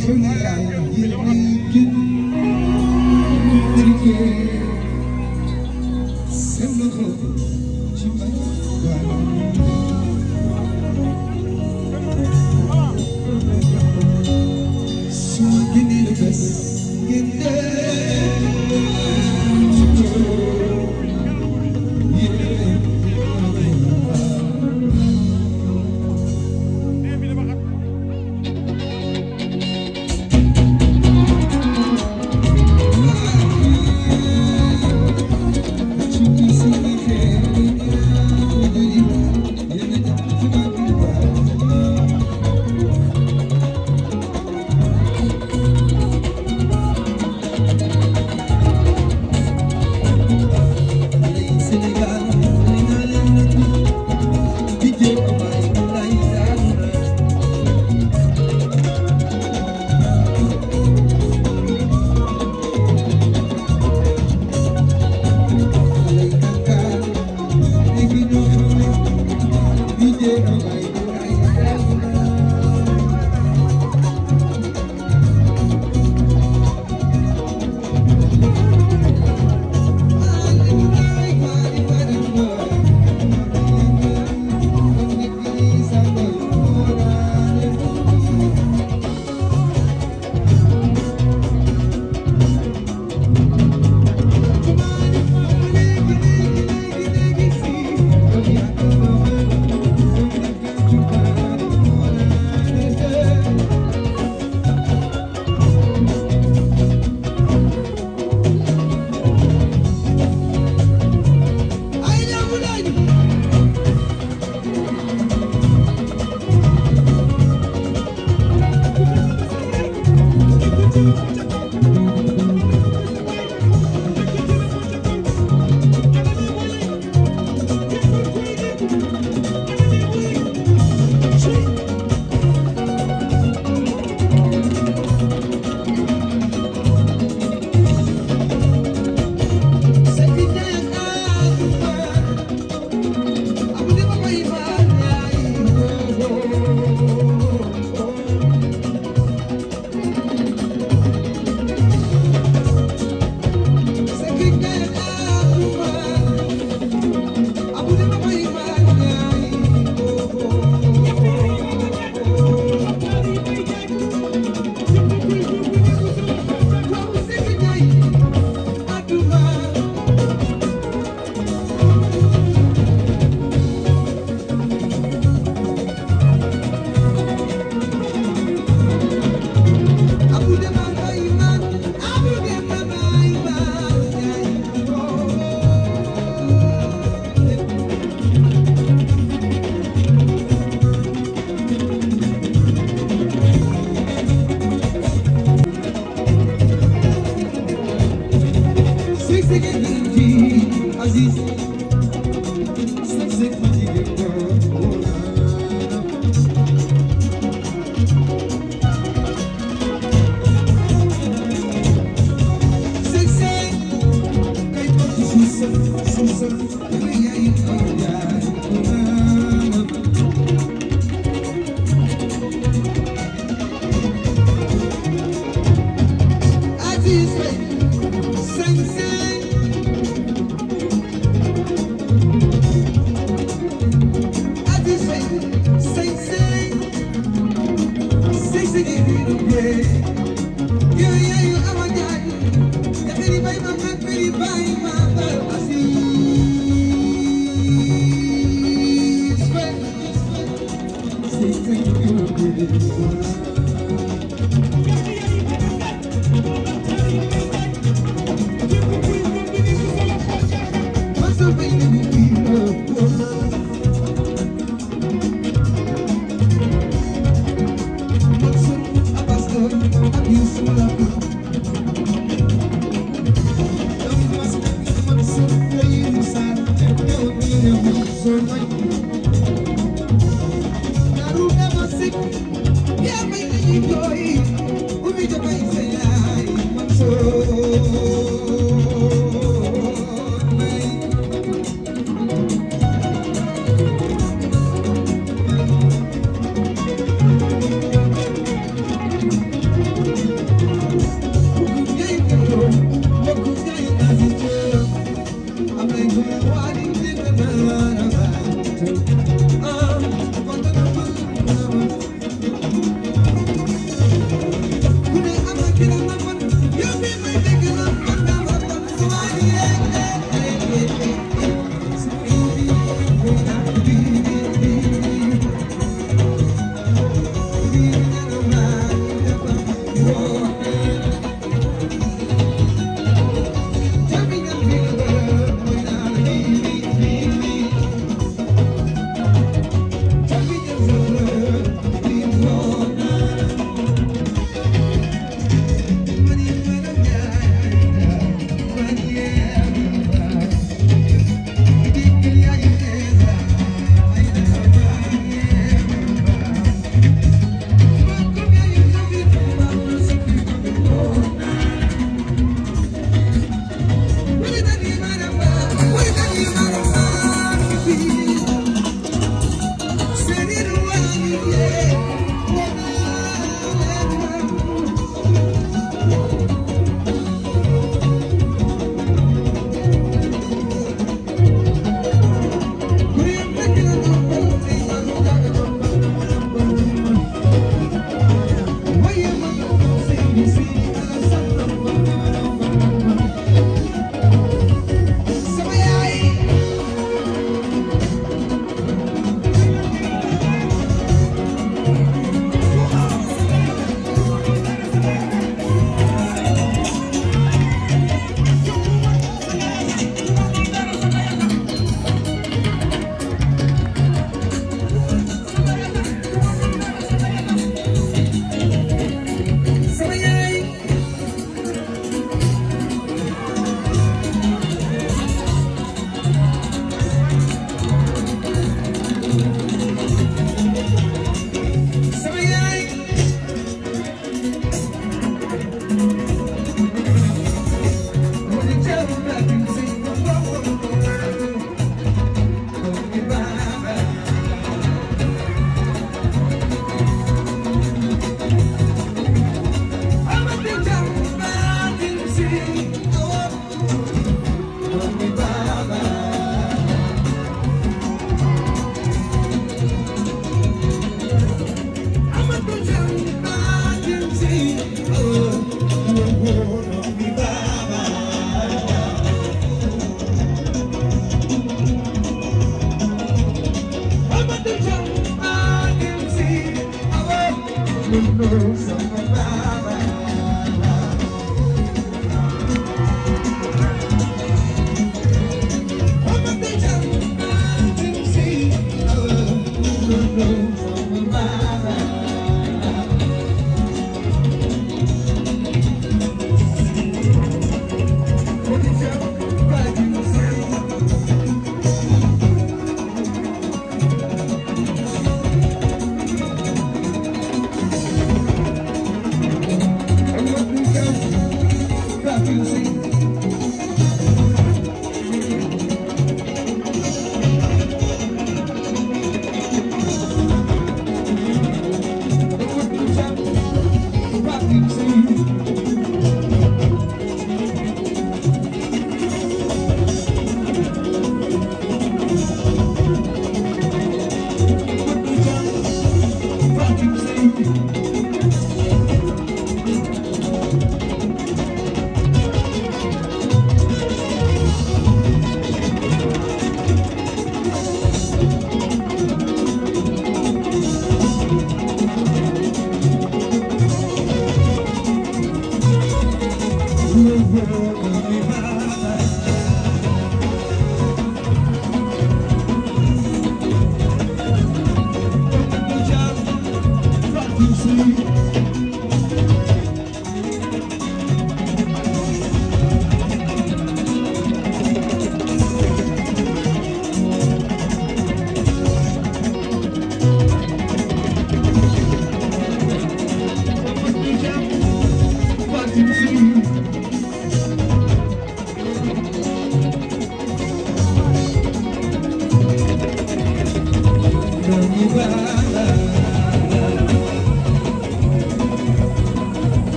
Show you how you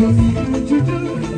do do do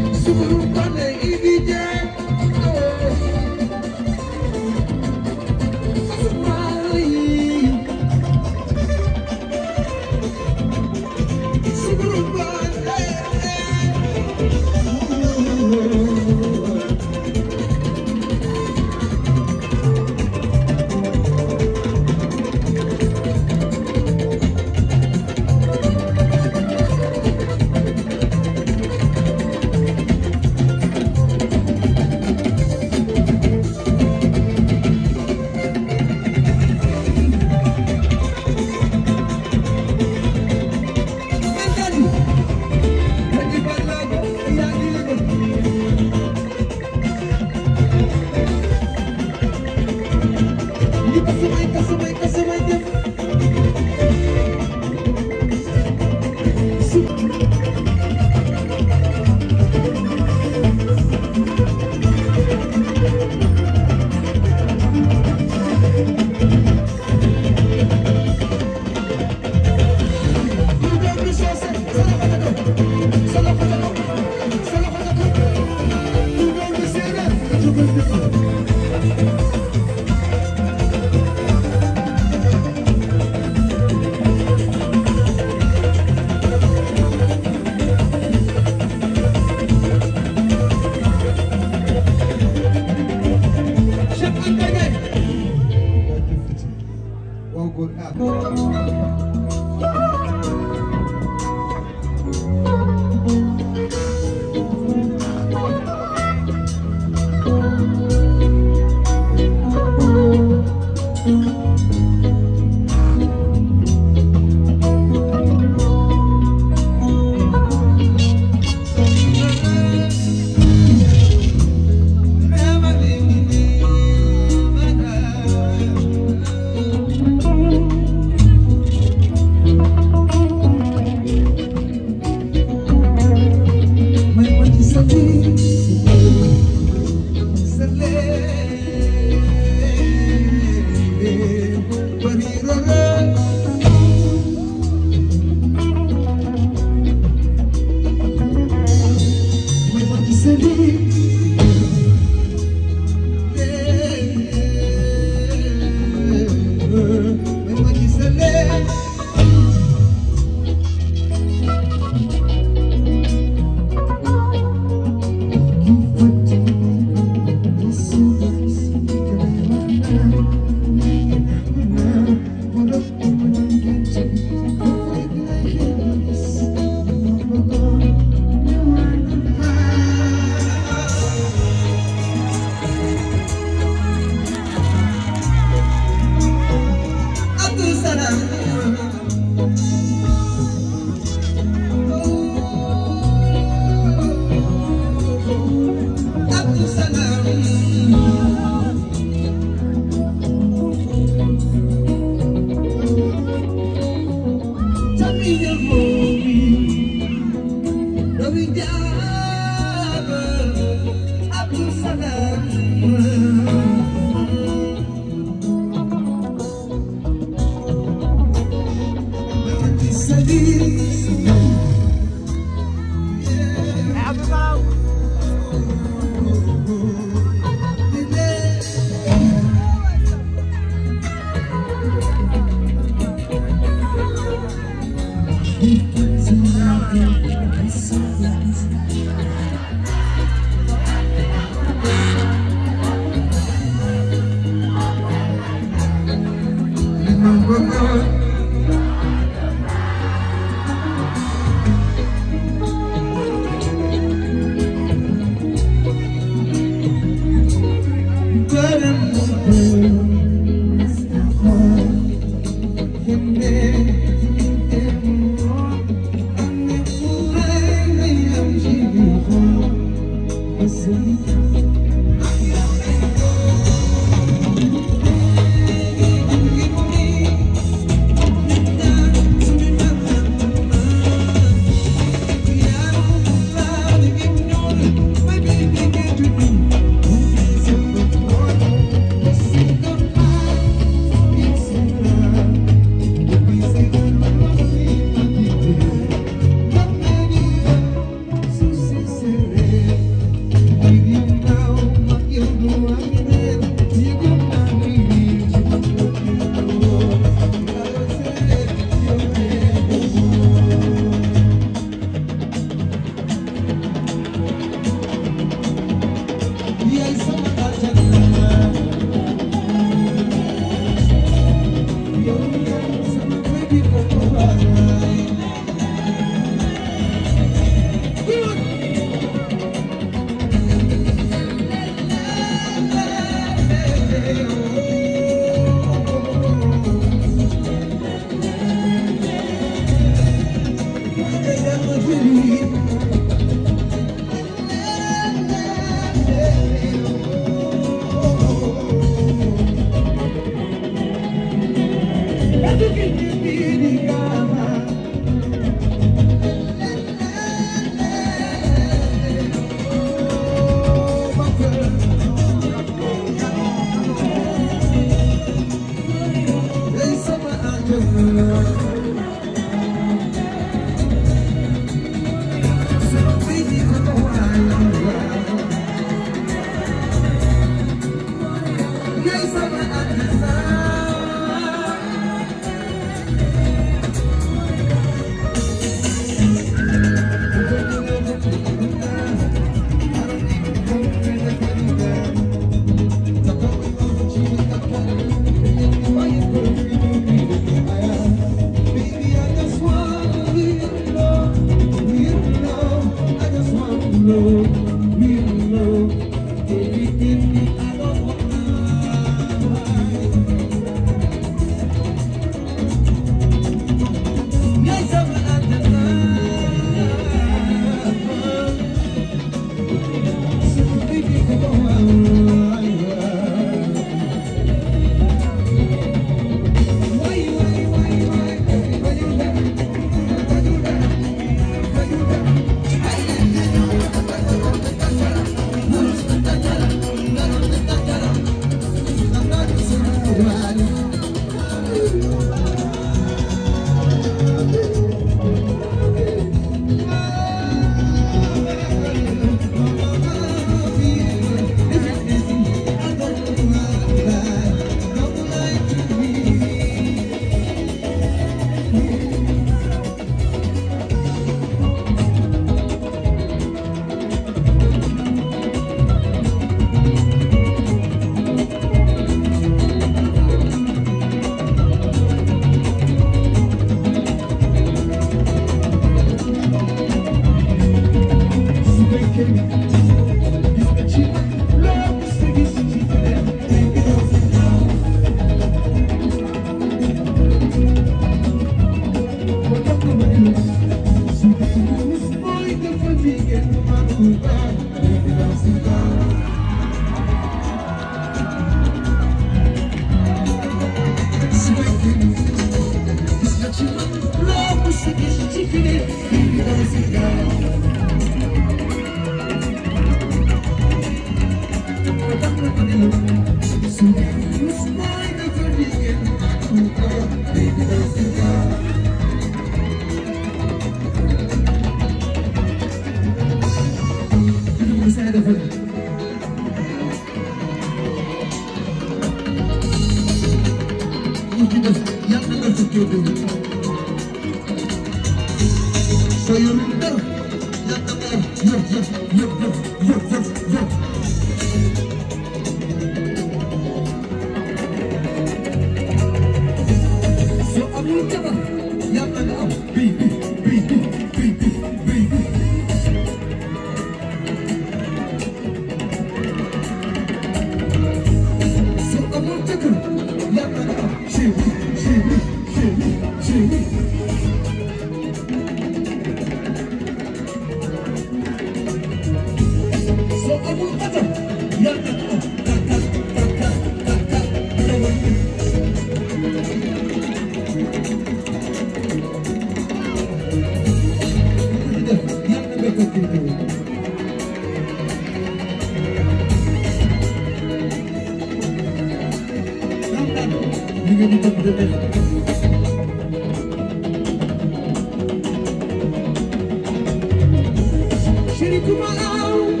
Ele com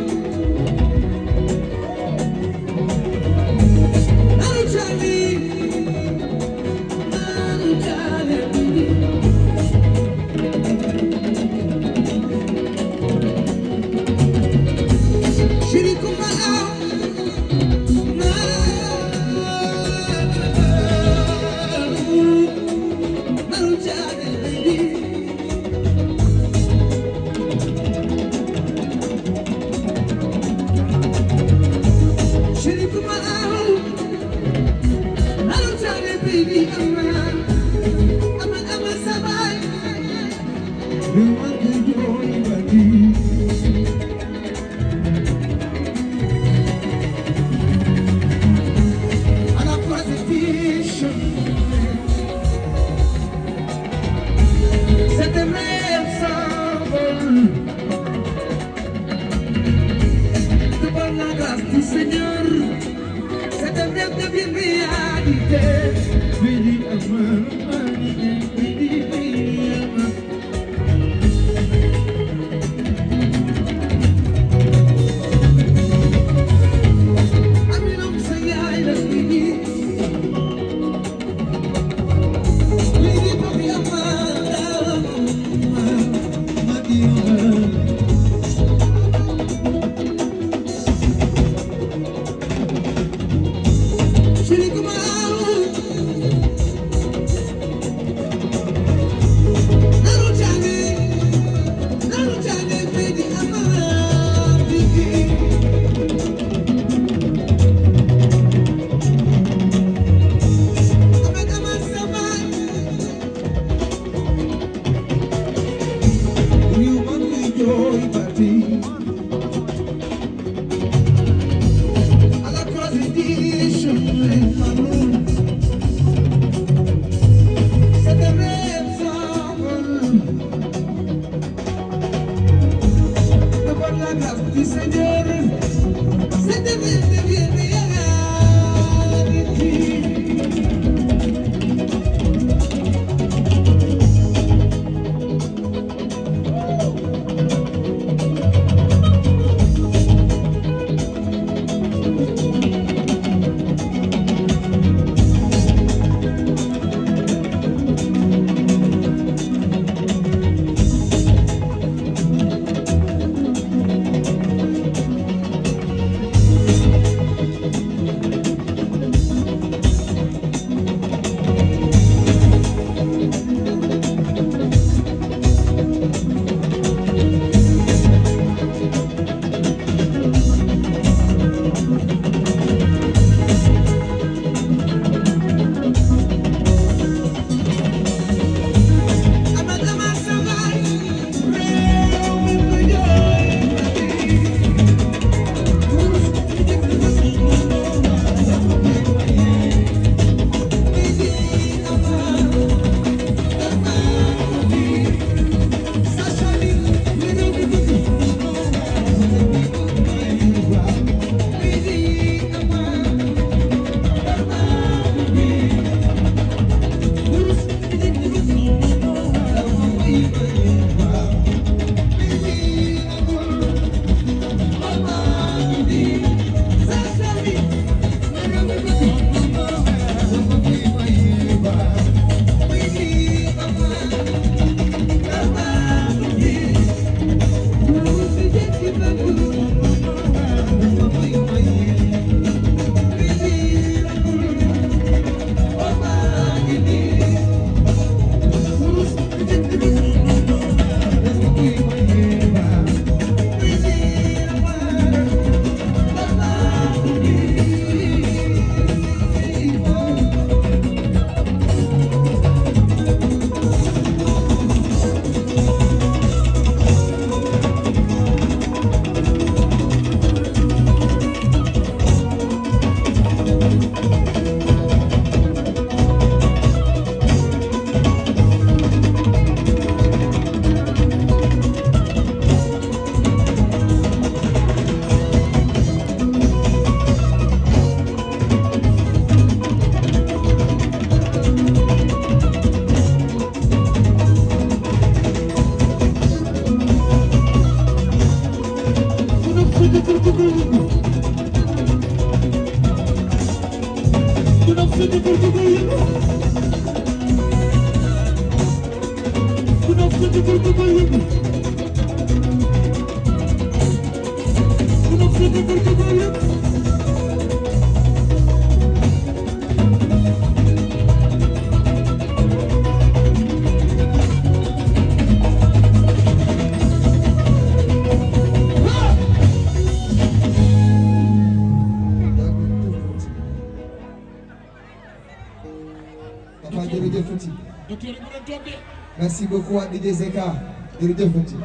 jërëjëf bët si.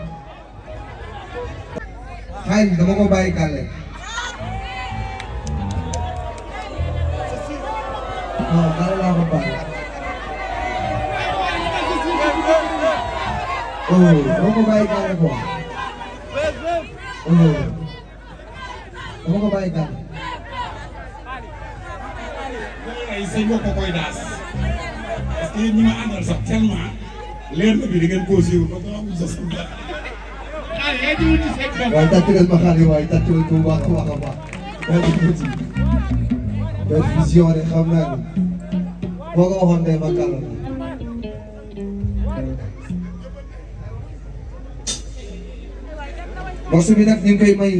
xayma dama ko bàyyi kàlle. waaw dara laa ko bàyyi. oo oh, dama ko bàyyi kàlle quoi. oo oh, dama ko bàyyi kàlle. ay sëñ boo ko koy daas parce que yéen ñi ma àndal sax tellement leer na bi di ngeen ko siiw waaye tàcculeen ma xale waaye tàcculeen ko bu baax a baax a baax. benn vision de xam naa ni boo ko waxoon day ma kàlla la. morceau bi nag ñu ngi koy may.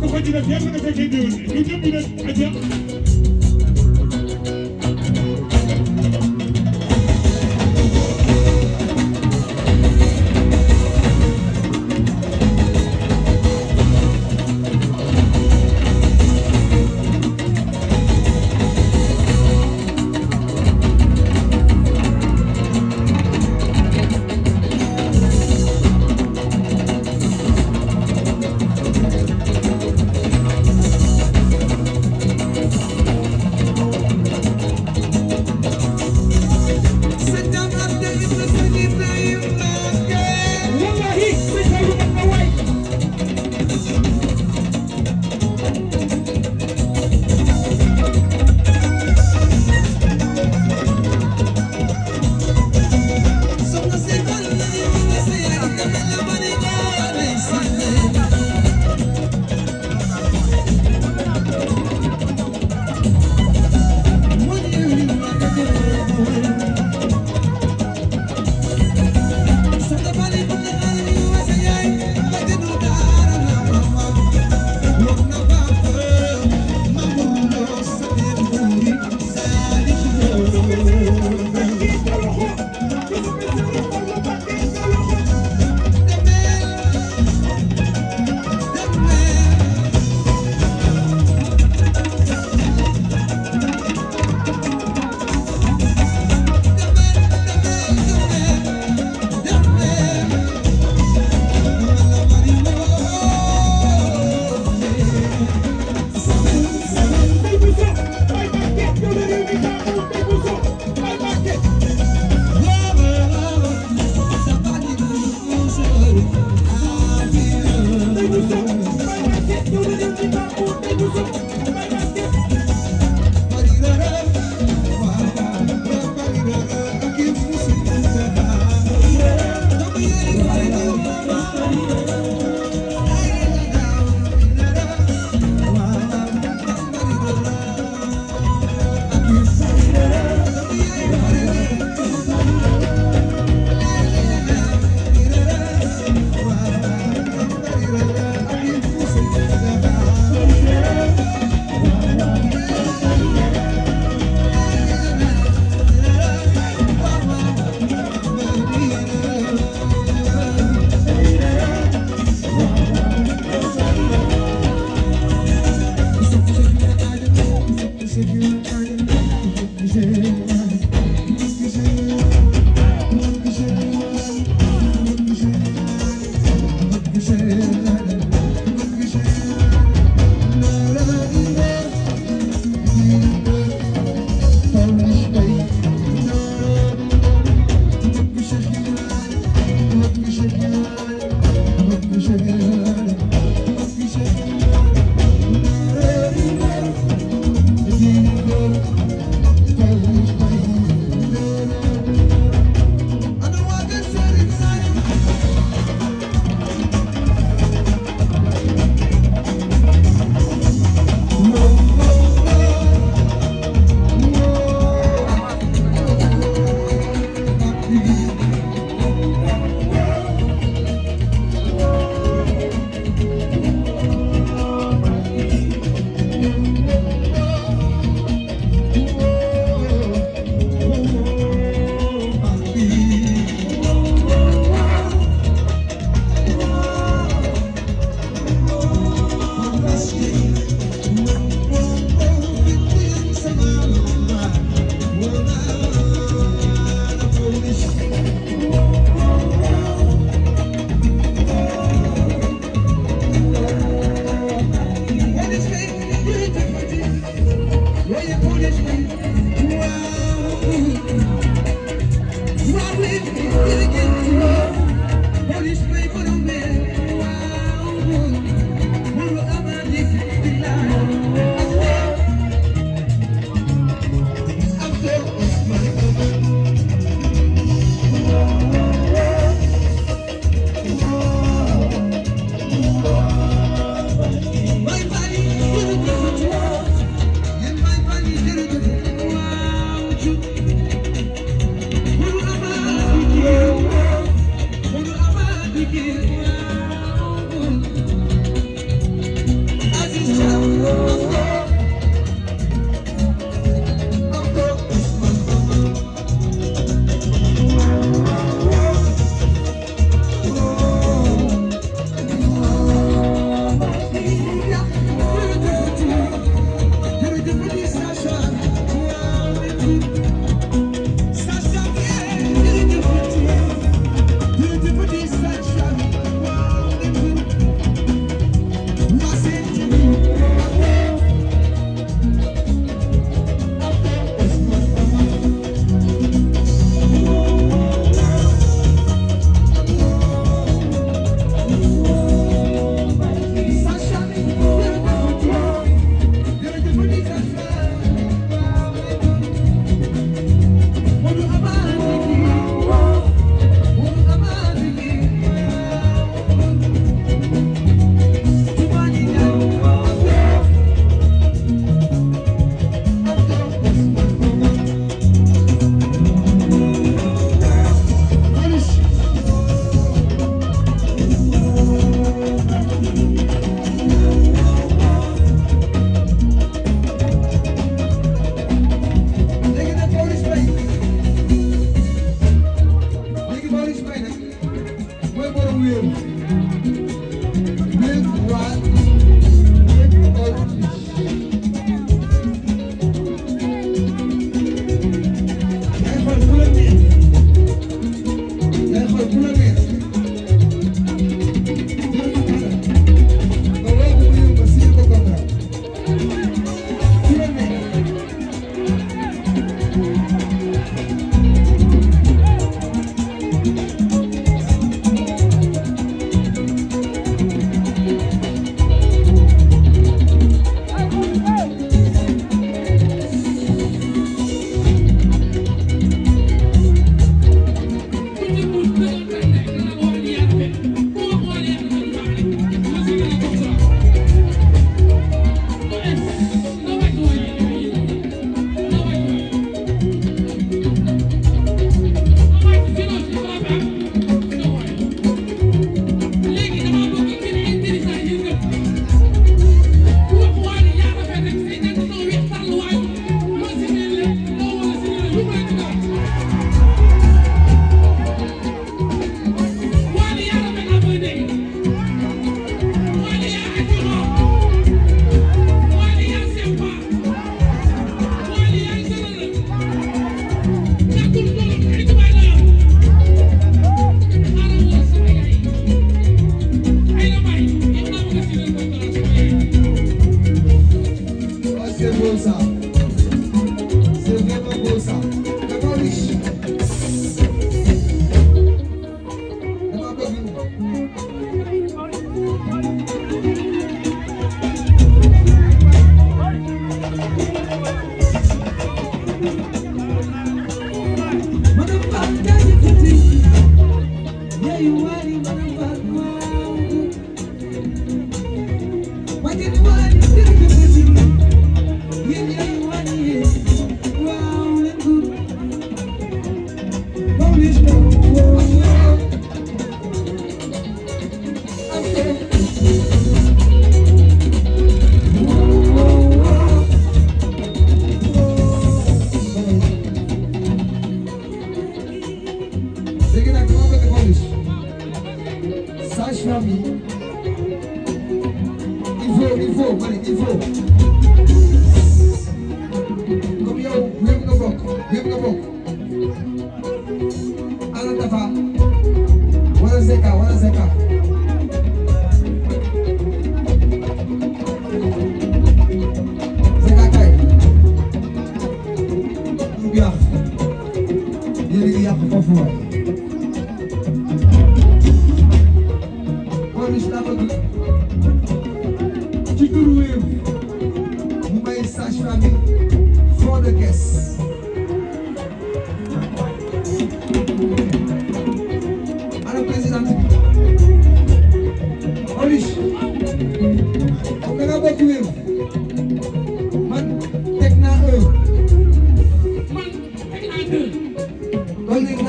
ko ko ji def yàlla na fekkee déwén ñu jëm bi nag begin.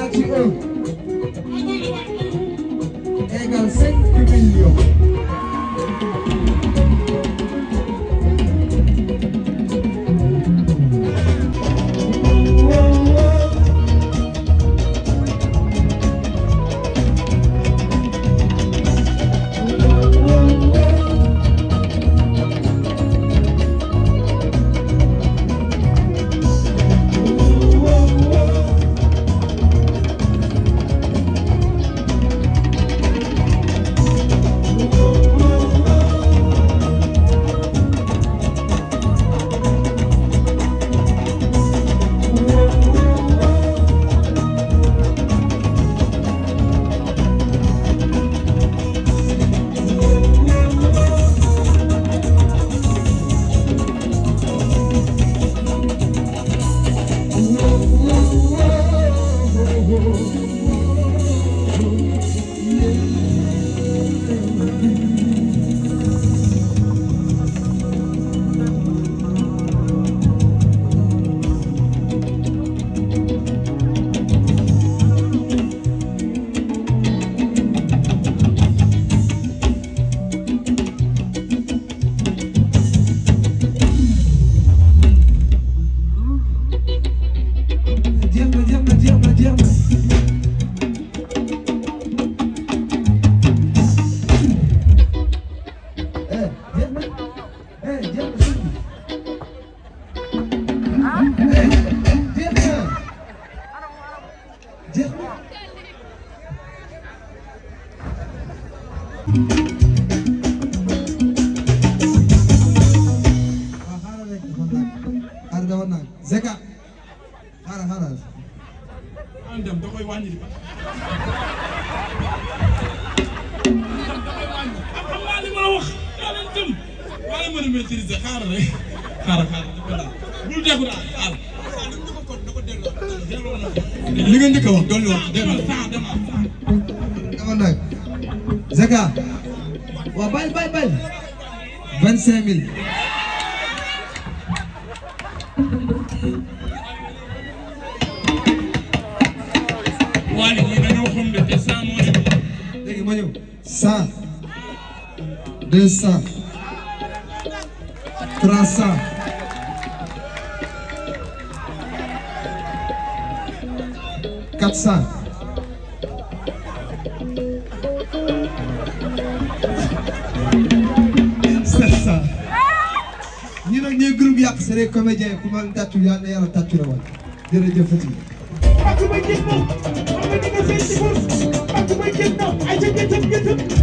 égal ci un égal cinq millions Wally ñi dañoo xam ne te cent moo nekk léegi ma ñëw cent deux cent trois cent quatre cent sept cent ñi nag ñooy groupe yàq c'est les comédiens ku ma tàccu yàlla na yàlla tàccu la woon jërëjëf Fatick Get up, get up, get up.